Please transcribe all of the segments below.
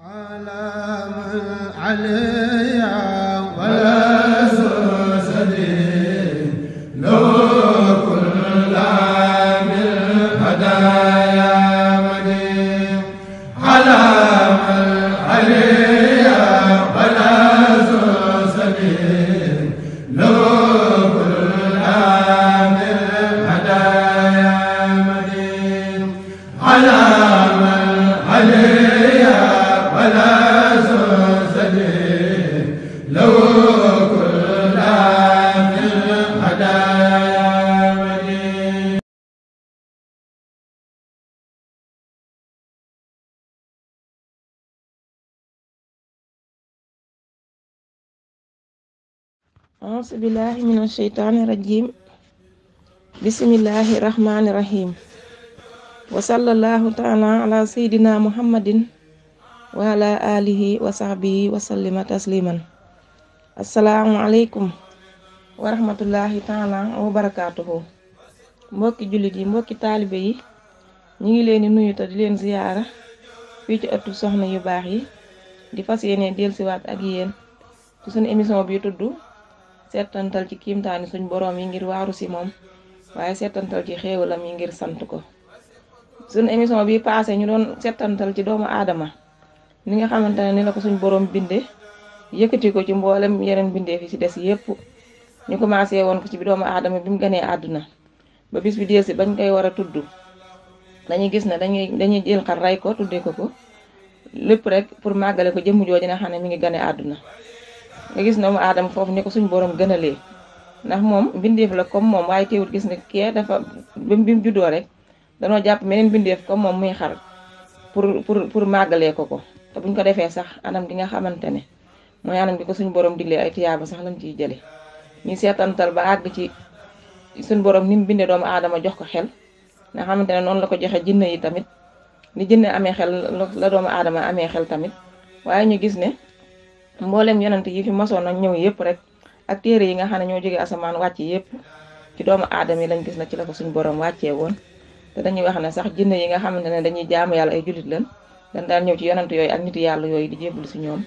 على من ولا سوى A'udzu billahi minasy syaithanir rajim. Bismillahirrahmanirrahim. Wa sallallahu ta'ala ala sayidina Muhammadin wa ala alihi wa sahbihi wa sallima tasliman. Assalamualaikum warahmatullahi ta'ala wabarakatuh. Mbokk julit yi, mbokk talibé yi, ñi ngi leen di nuyu ta di leen ziyara fi ci ëttu soxna yu baax yi di fas yene delsi waat ak yeen ci sun émission bi tuddu setantal ci kimtaani suñ boroom yi ngir waaru ci moom waaye setantal ci xéewalam yi ngir sant ko suñ émission bi passé ñu doon setantal ci doomu aadama ni nga xamante ni la ko suñ boroom binde yëkkati ko ci mboolem yeneen bindee fi ci des yépp ñu commencé woon ko ci bi doomu aadama bi mu gënee àdduna ba bis bi delsi bañ koy war a tudd dañuy gis ne dañuy dañuy jël xar ray ko tuddee ko ko lépp rek pour màggale ko jëmm jooju mi ngi gane àdduna nga gis doomu aadama foofu ni ko suñu borom gënalee ndax moom mbindeef la comme moom waaye teewul gis ne kee dafa ba bi mu juddoo rek danoo jàpp meneen mbindeef comme moom muy xar pour pour pour màggalee ko ko te buñ ko defee sax anam gi nga xamante ne mooy anam gi ko suñu borom diglee ay tiyaaba sax lañ ciy jëlee ñu seetantal ba àgg ci suñu borom ni mu bindee doomu aadama jox ko xel na xamante ne noonu la ko joxe jinne yi tamit ni jinne amee xel la doomu aadama amee xel tamit waaye ñu gis ne. mbollem yonent ya yi fi mosoon a ñëw yëpp rek ak téré yi nga xam ñoo jógee asaman wacc yépp ci doomu adam yi lañ gis na ci la ko suñu borom wàccee ya, won té dañuy wax na sax jinne yi nga xamante ne dañuy jaamu yalla ay e julit lañ dañ daan ñew ci yonent yoy ak nit yalla yoy di jébbalu ci ñoom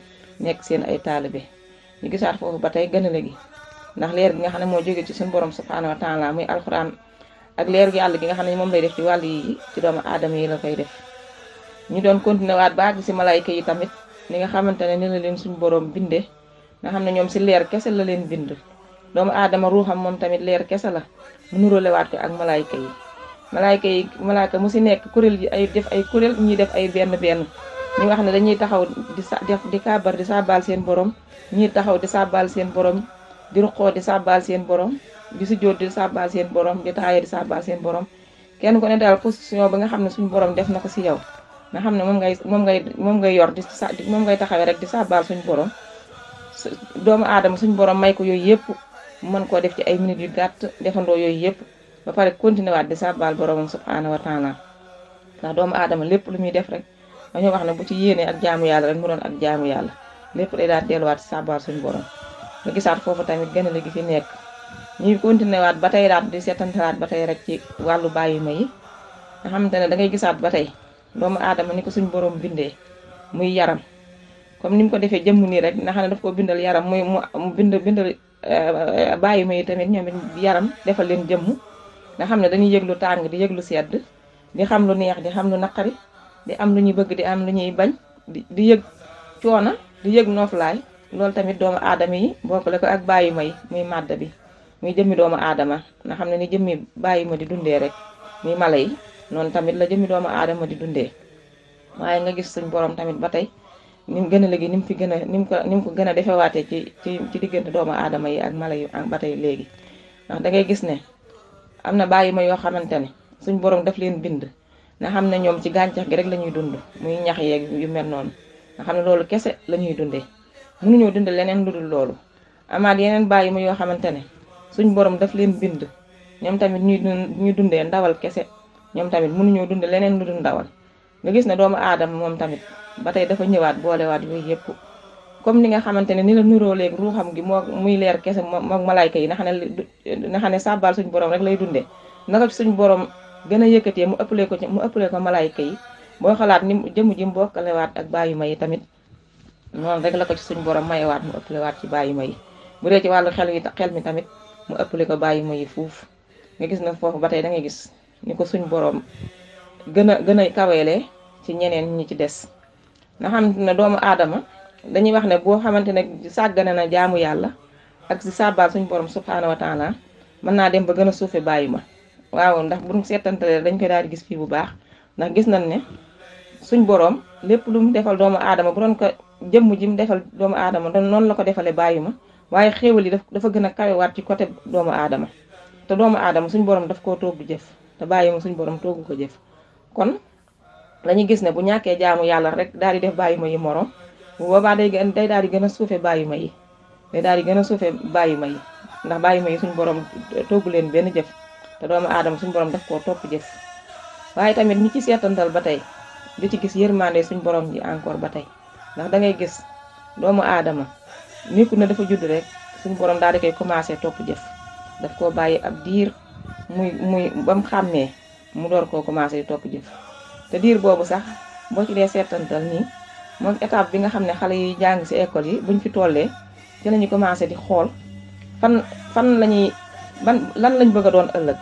nek seen ay talibé ñu gisaat fofu batay tey gënale gi ndax leer gi nga xamne mo moo ci suñu borom subhanahu wa taala muy alquran ak leer gi yalla gi nga xamne mom lay def ci walu yi ci doomu adam yi la fay def ñu doon continuer waat ba ci malaika yi tamit ni nga xamante ne ni la leen suñu borom bindee nga xam ne ñoom si leer kese la leen bind doomu aadama ruuxam moom tamit leer kese la mu nuróolewaat ko ak malaayka yi malaayka yi malaayka mu si nekk kuréel yi ay def ay kuréel ñuy def ay benn benn ñi nga xam ne dañuy taxaw di sa di kaabar di sàbbaal seen borom ñii taxaw di sàbbaal seen borom di ruqoo di sàbbaal seen borom di sujjóot di sàbbaal seen borom di taaya di sàbbaal seen borom kenn ko ne daal position ba nga xam ne suñu borom def na ko si yow nga xam ne moom ngay moom ngay moom ngay yor di sa moom ngay taxawee rek di sàbbaal suñu borom doomu aadama suñu borom may ko yooyu yëpp mën koo def ci ay minutes yu gàtt defandoo yooyu yëpp ba pare continué waat di sàbbaal boromam subhaanahu wa taala ndax doomu aadama lépp lu muy def rek dañoo wax ne bu ci yéenee ak jaamu yàlla rek mu doon ak jaamu yàlla lépp day daal delluwaat ci sàbbaal suñu borom nga gisaat foofu tamit gën a léegi fi nekk ñuy continué waat ba tey daat di seetantalaat ba tey rek ci wàllu bàyyi ma yi nga xamante ne da ngay gisaat ba tey doomu aadama ni ko suñ borom bindee muy yaram comme ni mu ko defee jëmm nii rek nga xam ne bindal yaram muy mu bind bindal eh, bàyyi ma tamit ñoom yaram defal leen jëmm nga xam ne dañuy yëglu tàng di yëglu sedd di xam lu neex di xam lu naqari di am lu ñuy bëgg di am lu ñuy bañ di di yëg coona di yëg nooflaay loolu tamit doomu aadama yi bokkale ko ak bàyyi ma muy màdd bi muy jëmmi doomu aadama nga xam ne ni jëmmi bàyyi ma di dundee rek muy mala yi noonu tamit la jëmi doomu aadama di dundee waaye nga gis suñ borom tamit ba tey ni gën a léegi ni mu fi gën a ni mu ko ni ko gën a defewaatee ci ci ci diggante doomu adama yi ak mala yi ak ba tey léegi da ngay gis ne am na bàyyi ma yoo xamante ne suñ borom daf leen bind nga xam ne ñoom ci gàncax gi rek la ñuy dund muy ñax yeeg yu mel noonu nga xam ne loolu kese la ñuy nu mënuñoo dund leneen lu dul loolu amaat yeneen bàyyi ma yoo xamante ne suñ borom daf leen bind ñoom tamit ñuy dundee ndawal kese ñoom tamit mënuñoo dund leneen lu dul ndawal nga gis ne doomu aadama moom tamit ba tey dafa ñëwaat boolewaat yooyu yëpp comme ni nga xamante ne ni la nuroo léegi ruuxam gi moo muy leer kese moom malaayka yi na xam ne na xam ne sàbbaal suñu borom rek lay dundee naka suñu borom gën a yëkkatee mu ëppalee ko mu ëppalee ko malaayka yi boo xalaat ni jëmm ji mbokkalewaat ak bàyyi ma yi tamit noonu rek la ko ci suñu borom mayewaat mu ëppalewaat ci bàyyi ma yi bu ci wàllu xel yi xel mi tamit mu ëppale ko bàyyi ma yi fuuf nga gis na foofu ba tey da ngay gis ni ko suñ boroom gën a gën a kaweele ci ñeneen ñi ci des nga xam ne doomu aadama dañuy wax ne boo xamante ne sàggane na jaamu yàlla ak si sàbbaal suñ borom subhaanahu wa taala mën naa dem ba gën a suufe bàyyi ma waaw ndax buñ seetantalee dañ koy daal di gis fii bu baax ndax gis nañ ne suñ borom lépp lu mu defal doomu aadama bu doon ko jëmm ji defal doomu aadama doon noonu la ko defalee bàyyi ma waaye xéewal yi dafa gën a kawewaat ci côté doomu aadama te doomu aadama suñ borom daf koo toog du jëf te bàyyi ma suñ borom toogu ko jëf kon dañuy gis ne bu ñàkkee jaamu yàlla rek daal di def bàyyi ma yi morom bu boobaa day day daal di gën a suufe bàyyi ma yi daal di gën a suufe bàyyi ma ndax bàyyi ma yi suñ borom toogu leen benn jëf te doomu aadama suñ borom daf koo topp jëf waaye tamit ñi ci seetantal ba tey di ci gis yërmande suñ borom ji encore ba tey ndax da ngay gis doomu aadama nit ku dafa judd rek suñ borom daal di koy commencé topp jëf daf koo bàyyi ab diir muy muy ba mu xàmmee mu door koo commencé topp jëf te diir boobu sax boo ci dee seetantal nii moom étape bi nga xam ne xale yuy jàng ci école yi buñ ci tollee ci lañu commencé di xool fan fan lañuy ban lan lañ bëgg a doon ëllëg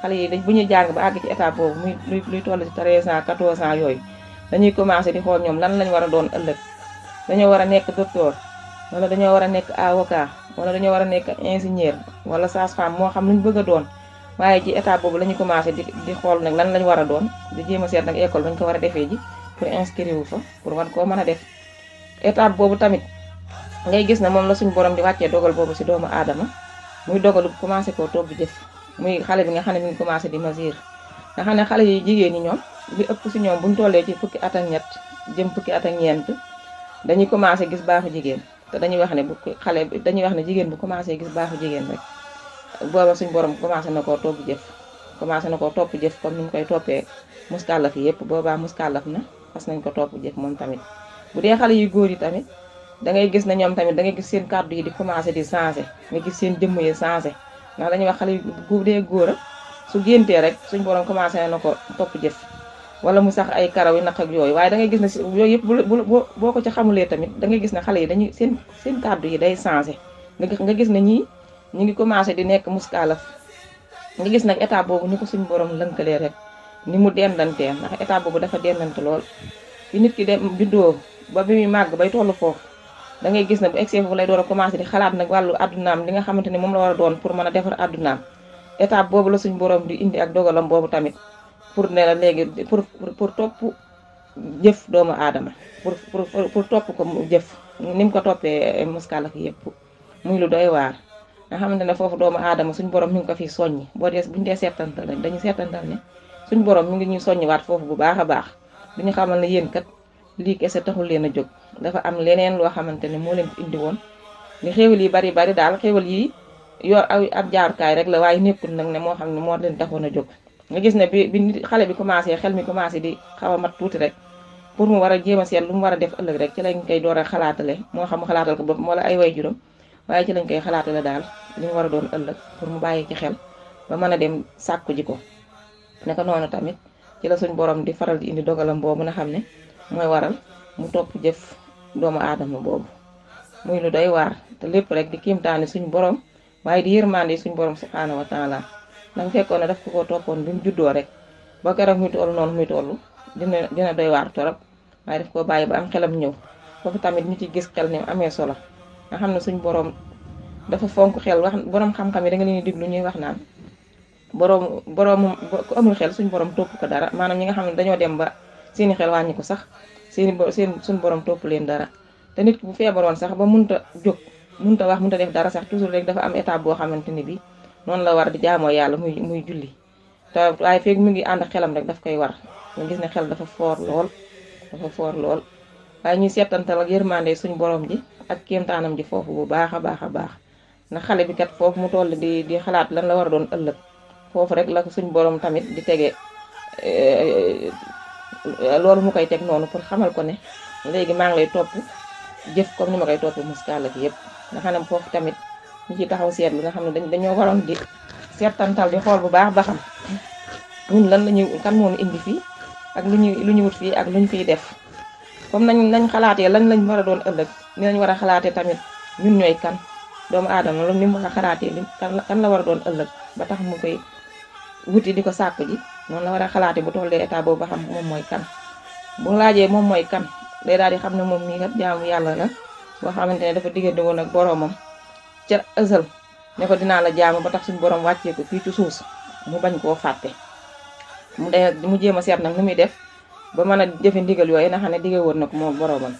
xale yi dañ bu ñuy jàng ba àgg ci étape boobu muy luy toll ci 13 ans 14 yooyu dañuy commencé di xool ñoom lan lañ war a doon ëllëg dañoo war a nekk docteur wala dañoo war a nekk avocat wala dañoo war a nekk ingénieur wala sage-femme moo xam luñ bëgg a doon waaye ci état boobu la ñu commencé di di xool nag lan lañ war a doon di jéem a seet nag école bañ ko war a defee ji pour inscrire wu fa pour war koo mën a def étape boobu tamit ngay gis na moom la suñu borom di wàccee dogal boobu si doomu aadama muy dogalu commencé koo toog bi jëf muy xale bi nga xam ne mi ngi commencé di mesure nga xam ne xale yi jigéen ñi ñoom li ëpp si ñoom buñ tollee ci fukki at ñett jëm fukki at ak ñeent dañuy commencé gis baaxu jigéen te dañuy wax ne bu xale dañuy wax ne jigéen bu commencé gis baaxu jigéen rek booba suñ borom commencé na koo topp jëf commencé na koo topp jëf comme ni mu koy toppee muskàllaf yëpp boobaa muskàllaf na fas nañ ko topp jëf moom tamit bu dee xale yu góor yi tamit da ngay gis ne ñoom tamit da ngay gis seen kàddu yi di commencé di changé nga gis seen jëmm yi changé ndax dañuy wax xale yu bu dee góor su géntee rek suñ borom commencé na ko topp jëf wala mu sax ay karaw yi naq ak yooyu waaye da ngay gis ne yooyu yëpp boo ko ci xamulee tamit dangay gis ne xale yi dañuy seen seen kàddu yi day changé nga gis ne ñii ñu ngi commencé di nekk muskaalaf nga gis nag état boobu ni ko suñu borom lënkalee rek ni mu dendantee ndax état boobu dafa dendante lool fi nit ki dem juddoo ba bi muy màgg bay toll foofu da ngay gis ne bu egsee foofu lay door a commencé di xalaat nag wàllu addunaam li nga xamante ni moom la war a doon pour mën a defar addunaam état boobu la suñu borom di indi ak dogalam boobu tamit pour ne la léegi pour pour topp jëf doomu aadama pour pour pour topp ko jëf ni mu ko toppee muskaalak yépp muy lu doy waar nga xamante ne foofu doomu aadama suñ borom mi ngi ko fiy soññi boo dee buñ dee seetantal dañu seetantal ne suñ borom mu ngi ñuy soññiwaat foofu bu baax a baax ñu xamal ne yéen kat lii kese taxul leen a jóg dafa am leneen loo xamante ne moo leen indi woon li xéewal yi bari bari daal xéewal yi yor aw ab jaarukaay rek la waaye nekkul nag ne moo xam ne moo leen taxoon a jóg nga gis ne bi bi nit xale bi commencé xel mi commencé di xaw a mat tuuti rek pour mu war a jéem a seet lu mu war a def ëllëg rek ci lañ koy door a xalaatale moo xam xalaatal ko bopp moo la ay way juróom waaye ci lañ koy xalaatale daal li mu war a doon ëllëg pour mu bàyyi ci xel ba mën a dem sàkku ji ko naka noonu tamit ci la suñ borom di faral di indi dogalam boobu nga xam ne mooy waral mu topp jëf doomu aadama boobu muy lu doy waar te lépp rek di kiimtaane suñu borom waaye di yërmande yi suñu borom subhaanahu wa taala ndax fekkoon a def ko ko toppoon bi mu juddoo rek boo keroog muy toll noonu muy toll dina dina doy waar torop waaye daf ko bàyyi ba am xelam ñëw foofu tamit ñu ci gis xel ni amee solo nga xam ne suñ borom dafa fonk xel wax borom xam-xam yi da nga leen di diglu ñuy wax naan borom borom ku amul xel suñ borom topp ko dara maanaam ñi nga xam ne dañoo dem ba seeni xel wàññi ko sax seeni seen suñ borom topp leen dara te nit bu feebaroon sax ba munta jóg munta wax munta def dara sax toujours rek dafa am étape boo xamante ni bi noonu la war di jaamoo yàlla muy muy julli te waaye feeg mu ngi ànd xelam rek daf koy war ñu gis ne xel dafa foor lool dafa foor lool waaye ñuy seetantal ak yërmande suñ borom ji ak kéemtaanam di foofu bu baax a baax a baax na xale bi kat foofu mu toll di di xalaat lan la war a doon ëllëg foofu rek la suñ borom tamit di tege eh, loolu mu koy teg noonu pour xamal ko ne léegi maa ngi lay topp jëf comme ni ma koy topp muskaal ak yëpp nga xam ne foofu tamit ñu ci taxaw seetlu nga xam ne dañoo waroon di seetantal di xool bu baax ba xam ñun lan la ñuy kan moom indi fii ak lu ñuy lu ñu wut fii ak lu ñu def comme nañ nañ xalaatee lan lañ war a doon ëllëg ni lañ war a xalaatee tamit ñun ñooy kan doomu aadama loolu ni mu war a xalaatee li kan la war a doon ëllëg ba tax mu koy wuti di ko sàkku ji noonu la war a xalaate bu tollee état boobu ba xam moom mooy kan bu laajee moom mooy kan de daal di xam ne moom mii kat jaamu yàlla la boo xamante ne dafa diggante woon ak boroomam ca ësal ne ko la jaamu ba tax suñu borom wàccee ko fii ci suuf mu bañ koo fàtte mu de mu jéem a seet nag nu muy def ba man a jëfe ndigal yooyu nga xam ne digge woon na ko moom boroomam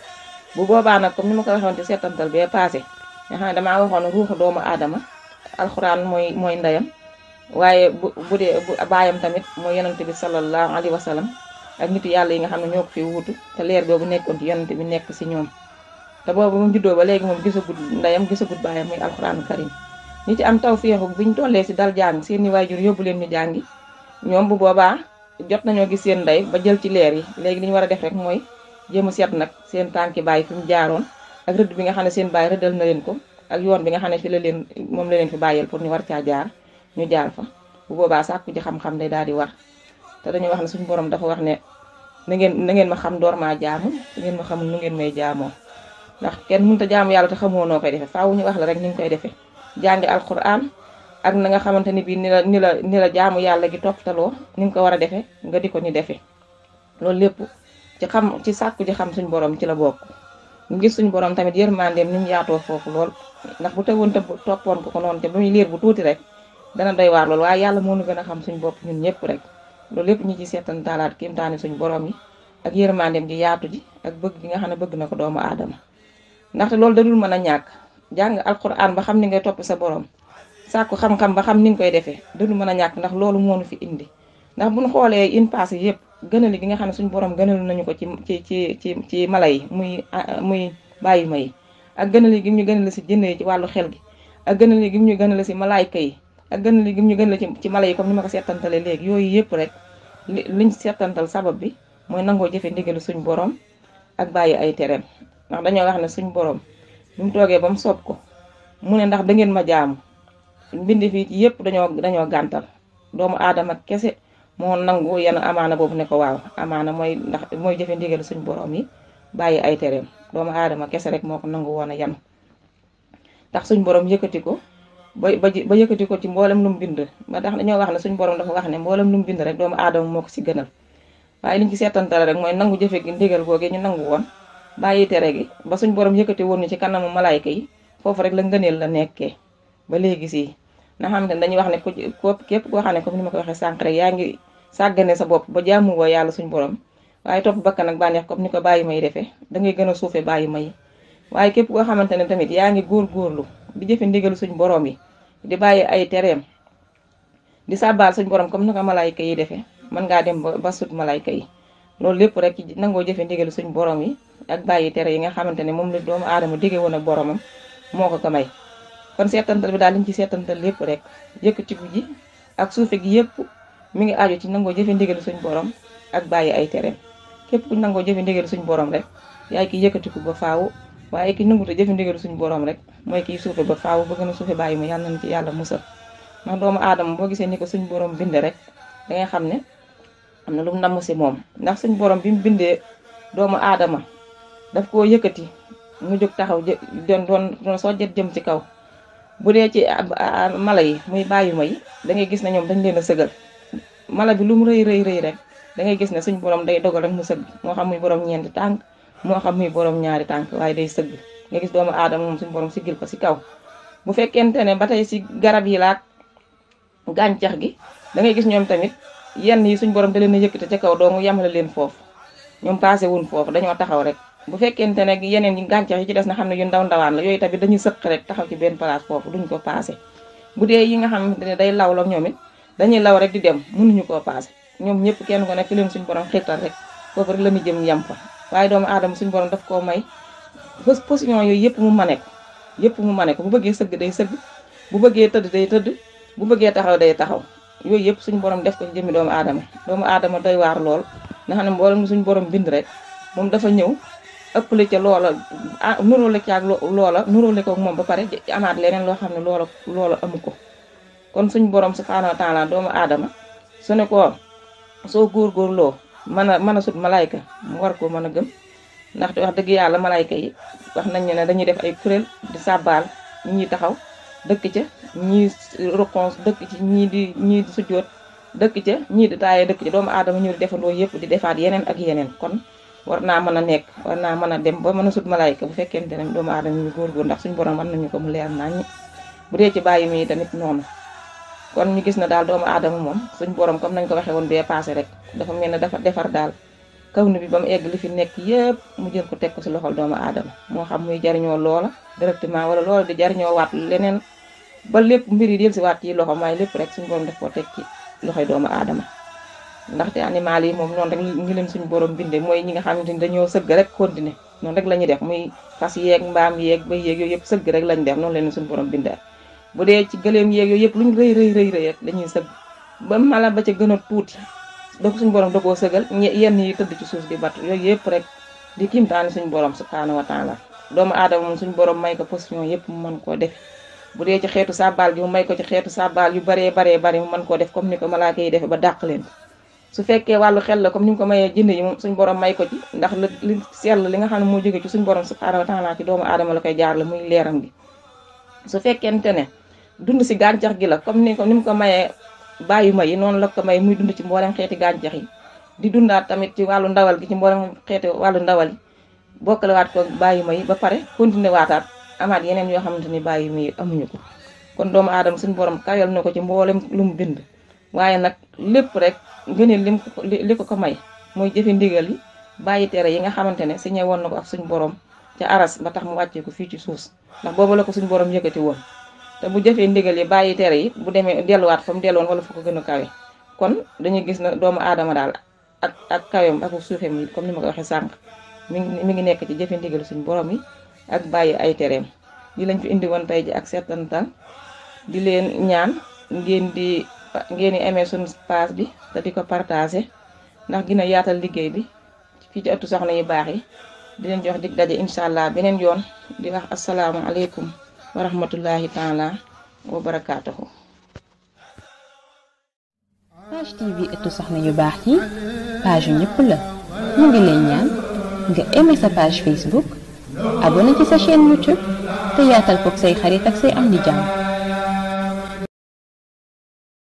bu boobaa nag comme ni ma ko waxoon ci seetantal bee passé nga xam ne damaa waxoon ruuxu doomu aadama alxuraan mooy mooy ndeyam waaye bu bu dee baayam tamit mooy yonent bi sallallahu alayhi wa sallam ak nitu yàlla yi nga xam ne ñoo fi wuutu te leer boobu nekkoon ci yonent bi nekk si ñoom te boobu mu juddoo ba léegi moom gisagut ndeyam gisagut baayam muy alxuraanu karim ñi ci am taw féexu bi ñu tollee si dal jàng seeni waajur yóbbu leen ñu jàngi ñoom bu boobaa jot nañoo gis seen ndey ba jël ci leer yi léegi li ñu war a def rek mooy jéem a seet nag seen tànki bàyyi fi mu jaaroon ak rëdd bi nga xam ne seen bàyyi rëddal na leen ko ak yoon bi nga xam ne fi la leen moom la leen fi bàyyeel pour ñu war caa jaar ñu jaar fa booba boobaa sàkku ji xam-xam day daal di war te dañuy wax ne suñu boroom dafa wax ne na ngeen na ma xam door maa jaamu na ngeen ma xamul nu ngeen may jaamoo ndax kenn mënut a jaamu yàlla te xamoo noo koy defee faaw ñu wax la rek ni nga koy defee jàngi alquran ak na nga xamante ni bii ni la ni la ni la jaamu yàlla gi topptaloo ni nga ko war a defee nga di ko ñu defee loolu ci xam ci sàkku ji xam suñ boroom ci la bokk ñu gis suñ borom tamit yërmandeem ni mu yaatoo foofu lool ndax bu woon te toppoon ko ko noonu te ba liir bu tuuti rek dana doy waar lool waaye yàlla moo nu gën a xam suñ bopp ñun ñëpp rek loolu lépp ñu ci seetan taalaat kiim taani suñ borom yi ak yërmandeem ji yaatu ji ak bëgg gi nga xam ne bëgg na ko doomu aadama ndaxte loolu dadul mën a ñàkk jàng alquran ba xam ni ngay topp sa borom sàkku xam ba xam ni nga koy defee danu mën a ñàkk ndax loolu moo nu fi indi ndax bu nu xoolee in passé yëpp gënali gi nga xam ne suñu borom gënalu nañu ko ci ci ci ci ci mala yi muy muy bàyyi ma yi ak gënali gi ñu gënal si jënd yi ci wàllu xel gi ak gënali gi ñu gënal si malaayka yi ak gënali gi ñu gënal ci ci mala yi comme ni ma ko seetantalee léegi yooyu yëpp rek liñ setantal sabab bi mooy nangoo jëfe ndigalu suñ borom ak bàyyi ay tereem ndax dañoo wax ne suñ boroom bi mu toogee ba mu soob ko mu ne ndax da ngeen ma jaamu mbind fii yëpp dañoo dañoo gàntal doomu aadama kese moo nangu yenn amaana boobu ne ko waaw amaana mooy ndax mooy jëfe ndigal suñ boroom yi bàyyi ay tereem doomu aadama kese rek moo ko nangu woon a yan tax suñ borom yëkkati ko ba ba yëkkati ko ci mboolem nu bind ba tax dañoo wax ne suñ borom dafa wax ne mboolem nu mu bind rek doomu aadama moo ko si gënal waaye liñ ci seetantale rek mooy nangu jëfe gi ndigal googu ñu nangu woon bàyyi tere gi ba suñ borom yëkkati woon ñu ci kanamu malaayka yi foofu rek la ngëneel la nekkee ba léegi si na xam nga dañuy wax ne ku képp koo xam ne comme ni ma ko waxee sànq rek yaa ngi sàggane sa bopp ba jaamuwoo yàlla suñu borom waaye topp bakkan ak bànneex comme ni ko bàyyi may defee dangay gën a suufee bàyyi may waaye képp koo xamante ne tamit yaa ngi góorgóorlu di jëfe ndigalu suñu borom yi di bàyyi ay tereem di sàbbaal suñ borom comme ni ko malayka yi defee mën ngaa dem ba sut malayka yi loolu lépp rek ci nangoo jëfe ndigalu suñu borom yi ak bàyyi tere yi nga xamante ne moom la doomu aadama dige woon ak boromam moo ko ko may kon setantal bi dal liñ ci setantal lepp rek yëkkatiku ji ak suufe gi yëpp mi ngi aaju ci nango jëfe ndigal suñ borom ak baye ay tereem képp ku nango jëfe ndigal suñ borom rek yaay ki ko ba faaw waye ki ta jëfe ndigal suñ borom rek moy ki suufé ba faaw ba gën suufé baye mu yalla nañ ci yàlla musal ndax doomu adam bo gisé ni ko suñ borom bind rek da ngay xamné amna lu mu ci mom ndax suñ borom bi bindé doomu aadama daf ko yëkkati mu jog taxaw don don so jëm ci kaw bu dee ci mala yi muy bàyyuma yi da ngay gis ne ñoom dañ leen a sëgal mala bi lu mu rëy rëy rëy rek dangay gis ne suñ borom day dogal rek mu sëgg moo xam muy borom ñeenti tànk moo xam muy borom ñaari tànk waaye day sëgg nga gis doomu aadama moom suñ borom siggil ko si kaw bu fekkente ne ba tey si garab yi laat gàncax gi dangay gis ñoom tamit yenn yi suñ borom da leen a yëkkate ca kaw doo mu yamale leen foofu ñoom passé wuñ foofu dañoo taxaw rek bu fekkente ne yeneen yi gàncax yi ci des na xam ne yu ndaw ndawaan la yooyu tamit dañuy sëq rek taxaw ci benn place foofu duñ ko passé bu dee yi nga xam ne day law la ñoom dañuy law rek di dem mënuñu koo passé ñoom ñëpp kenn ko ne fi leen suñu borom xirtal rek foofu rek jëm yem fa waaye doomu aadama suñu borom daf koo may position yooyu yëpp mu mane ko yëpp mu mane ko bu bëggee sëgg day sëgg bu bëggee tëdd day tëdd bu bëggee taxaw day taxaw yooyu yëpp suñu borom def ko ci jëmmi doomu aadama doomu aadama doy waar lool nga xam ne mboolem suñu boroom bind rek moom dafa ñëw ëppale ca loola ah, nuróole ci ak loola nuróole ko moom ba pare amaat leneen loo xam ne loola loola amu ko kon suñ borom subhanahu wa taala doomu aadama su ne ko soo loo mën a mën a sut malayka mu war ko mën a gëm ndaxte wax dëgg yàlla malayka yi wax nañ ne dañuy def ay kuréel di sàbbaal ñii taxaw dëkk ca ñii rokon dëkk ci ñii di ñii di sujjoot dëkk ca ñii di taaye dëkk ca doomu aadama ñu di defandoo yëpp di defaat yeneen ak yeneen kon war naa mën a nekk war naa mën a dem ba mën a sut malaayka bu fekkente ne doomu aadama ñu góorgóor ndax suñu borom mën nañu ko mu leer naññi bu dee ci bàyyi mi tamit noonu kon ñu gis na daal doomu aadama moom suñu borom comme nañ ko waxee woon bee passé rek dafa mel ne dafa defar daal kaw ni bi ba mu egg li fi nekk yëpp mu jël ko teg ko si loxol doomu aadama moo xam muy jariñoo loola directement wala loola di jariñoo waat leneen ba lépp mbir yi del si waat ci loxo may lépp rek suñ borom def ko teg ci loxoy doomu aadama ndaxte animal yi moom noonu rek ngi leen suñu borom bindee mooy ñi nga xamante ni dañoo sëgg rek continuer noonu rek la ñuy def muy fas yeeg mbaam yeeg bay yeeg yooyu yëpp sëgg rek lañ def noonu leen suñu borom bindee bu dee ci gëléem yeeg yooyu yëpp luñ rëy rëy rëy rëy rek dañuy sëgg ba mala ba ca gën a tuuti da ko suñu borom da koo sëgal yenn yi tëdd ci suuf di bat yooyu yëpp rek di kiimtaani suñu borom subhaanahu wa taala doomu aadama moom suñu borom may ko position yëpp mu mën koo def bu dee ci xeetu saabal gi mu may ko ci xeetu saabal yu baree baree bari mën koo def comme ni ko malaaka defe ba dàq leen su fekkee wàllu xel la comme ni mu ko mayee jinne yi moom suñ borom may ko ci ndax li sell li nga xam ne moo jóge ci suñ borom subhanahu wa taala ci doomu aadama la koy jaar la muy leeram gi su fekkente ne dund si gàncax gi la comme ni ko ni mu ko mayee bàyyi ma yi noonu la ko may muy dund ci mboolem xeeti gàncax yi di dundaat tamit ci wàllu ndawal gi ci mboolem xeeti wàllu ndawal yi bokkalewaat ko bàyyi ma yi ba pare continué waataat amaat yeneen yoo xamante ni bàyyi ma yi amuñu ko kon doomu aadama suñ borom kayal na ko ci mboolem lu mu bind waye nak lepp rek lim li ko ko may moy jëfe ndigal yi bàyyi tere yi nga xamantene ne siñe nako ak suñu borom ci aras ba tax mu wacce ko fi ci suuf ndax bobu la ko borom yëkëti won te bu jëfee ndigal yi tere yi bu demee delluwaat fa mu delloon wala fa ko kawe kon dañuy gis na doomu adama daal ak ak kawem ak suufeem yi comme ni ko waxee sank mi ngi mi nekk ci jëfe ndigal suñu borom yi ak bàyyi ay tereem yi lañ fi indi won tay ji ak sétantal di leen ñaan ngeen di ngeen di amee suñu page bi te di ko partagé ndax gina yaatal liggéey bi fii ci ëttu soxna yu baax yi di leen jox dig daje incha allah beneen yoon di wax asalaamualeykum wa rahmatullahi taala wa barakaatuhu. page TV ëttu soxna yu baax yi page yu ñëpp la mu ngi leen ñaan nga aimé sa page Facebook abonné ci sa chaîne YouTube te yaatal koog say xarit ak say am di jàmm.